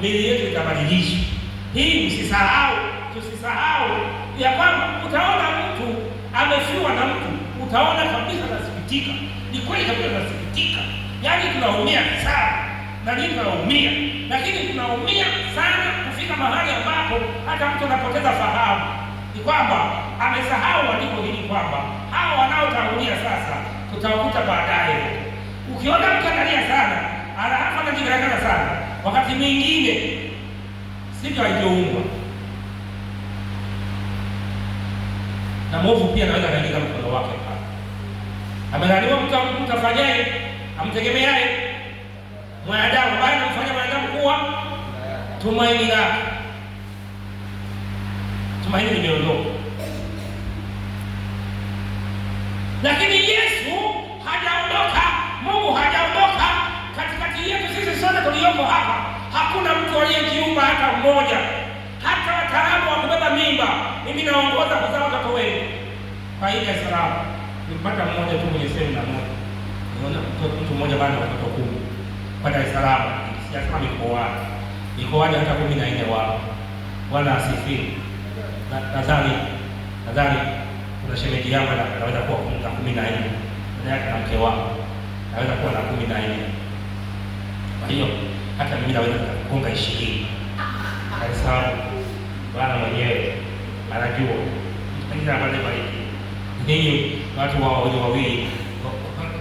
Mili yetu itabadilishwa. Hii msisahau, tusisahau ya kwamba utaona mtu amefiwa na mtu, utaona kabisa nasikitika. Ni kweli kabisa nasikitika, yaani tunaumia sana na nini, tunaumia lakini tunaumia sana kufika mahali ambapo hata mtu anapoteza fahamu. Ni kwamba amesahau andiko hili kwamba hawa wanaotangulia sasa tutawakuta baadaye. Ukiona mtu analia sana alafu jigaragara wakati mwingine sivyo haijoumbwa na mwovu pia anaweza kaingiza mkono wake pale. Amezaliwa mtu afanyaye amtegemeaye mwanadamu, bali amfanya mwanadamu kuwa tumaini lake. Tumaini limeondoka. mmoja, hata wataalamu wa kubeba mimba. Mimi naongoza kuzaa watoto wengi kwa ile salamu, nilipata mmoja tu mwenye semina moja, niona mtu mmoja bado watoto kumi kwa Dar es Salaam, sijasema mikoani, wapi, hata kumi na nne wao. Bwana asifiwe. Nadhani nadhani kuna shemeji yangu anaweza kuwa na kumi na nne yake na mke wao anaweza kuwa na kumi na nne. Kwa hiyo hata mimi naweza kugonga ishirini. Dar bana mwenyewe anajua ia pale bariki ninyi watu wa wawili wawili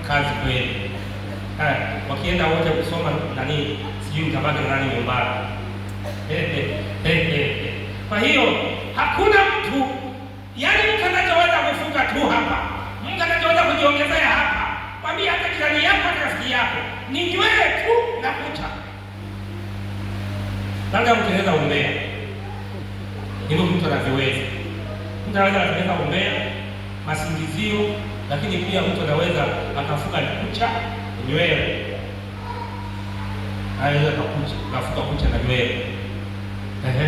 kazi kweli. wakienda wote kusoma nani, sijui nitabaki nani nyumbani. Kwa hiyo hakuna mtu yaani, mkanachoweza kufuka tu hapa, mtu mkanachoweza kujiongezea hapa, mwambie hata jirani yako na rafiki yako, ni nywele tu na nakuta Nataka kutengeneza umbea, hivyo mtu anavyoweza. Mtu anaweza kutengeneza umbea, masingizio, lakini pia mtu anaweza akafuka kucha nywele, anaweza kafuka kucha na nywele. Ehe,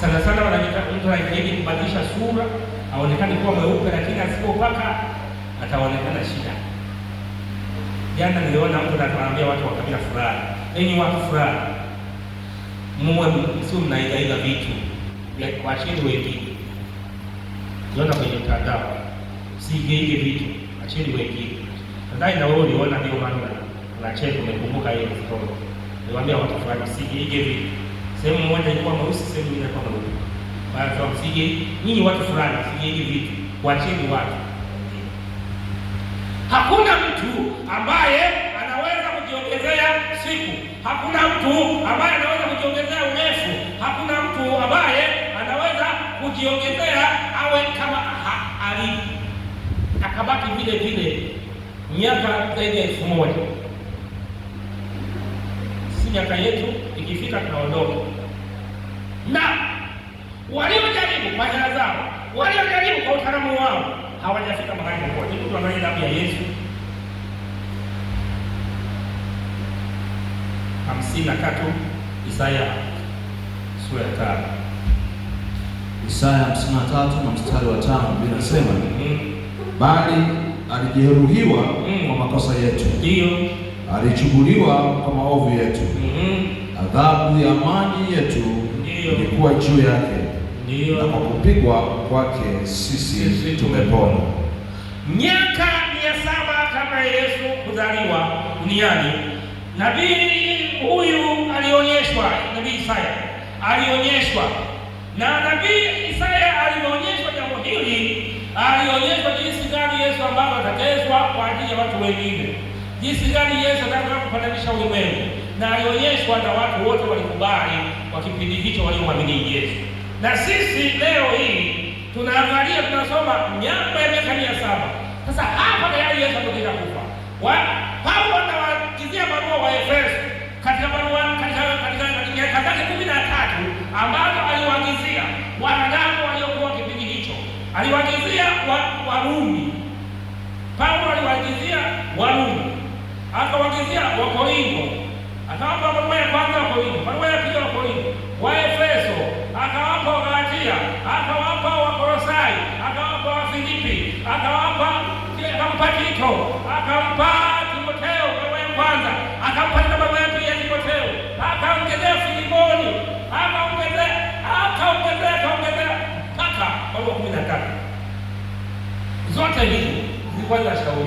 sana sana mtu anajitahidi kubadilisha sura aonekane kuwa mweupe, lakini asipopaka ataonekana shida. Jana niliona mtu anawaambia watu wa kabila fulani, enyi watu fulani muwe sio mnaigaiga vitu vya washindi wengine. Tunaona kwenye mtandao, usigeige vitu, acheni wengine. Nadhani na wewe uliona, ndio maana na cheko umekumbuka hiyo story. Niwaambia watu fulani, usigeige vitu. Sehemu moja ilikuwa mweusi, sehemu nyingine ilikuwa mweupe. Basi msije nyinyi watu fulani, usigeige vitu, wacheni watu. Hakuna mtu ambaye anaweza kujiongezea siku. Hakuna mtu ambaye anaweza kujiongezea babaye anaweza kujiongezea awe kama ali akabaki vile vile miaka zaidi ya elfu moja. Si miaka yetu ikifika tunaondoka. Na waliojaribu kwa hela zao, waliojaribu kwa utaalamu wao hawajafika mahali popote. mtu tuangalie damu ya Yesu hamsini na tatu Isaya sura ya tano. Isaya 53 na mstari wa 5 inasema mm-hmm. bali alijeruhiwa mm. kwa makosa yetu, ndio alichubuliwa kwa maovu yetu, mm-hmm. adhabu ya amani yetu ilikuwa juu yake, na kwa kupigwa kwake sisi tumepona. Miaka mia saba kabla ya Yesu kuzaliwa duniani, nabii huyu alionyeshwa, nabii Isaya alionyeshwa na nabii Isaya alionyeshwa jambo hili, alionyeshwa jinsi gani Yesu ambavyo atateswa kwa ajili ya watu wengine, jinsi gani Yesu atataka kupatanisha ulimwengu, na alionyeshwa na watu wote walikubali kwa kipindi hicho waliomwamini Yesu. Na sisi leo hii tunaangalia, tunasoma miaka ya miaka ya saba sasa. Hapa tayari Yesu amekwisha kufa. Paulo anawakizia barua wa Efeso katika barua katika katika katika kumi na tatu ambayo aliwaagizia wanadamu waliokuwa kipindi hicho, aliwaagizia Warumi. Paulo aliwaagizia Warumi, akawaagizia Wakorinto, akawapa barua ya kwanza Wakorinto, barua ya pili Wakorinto, Waefeso, akawapa Wagalatia, akawapa Wakolosai, akawapa Wafilipi, akawapa Tito, akampa Timoteo barua ya kwanza, akampa feliz, es igual la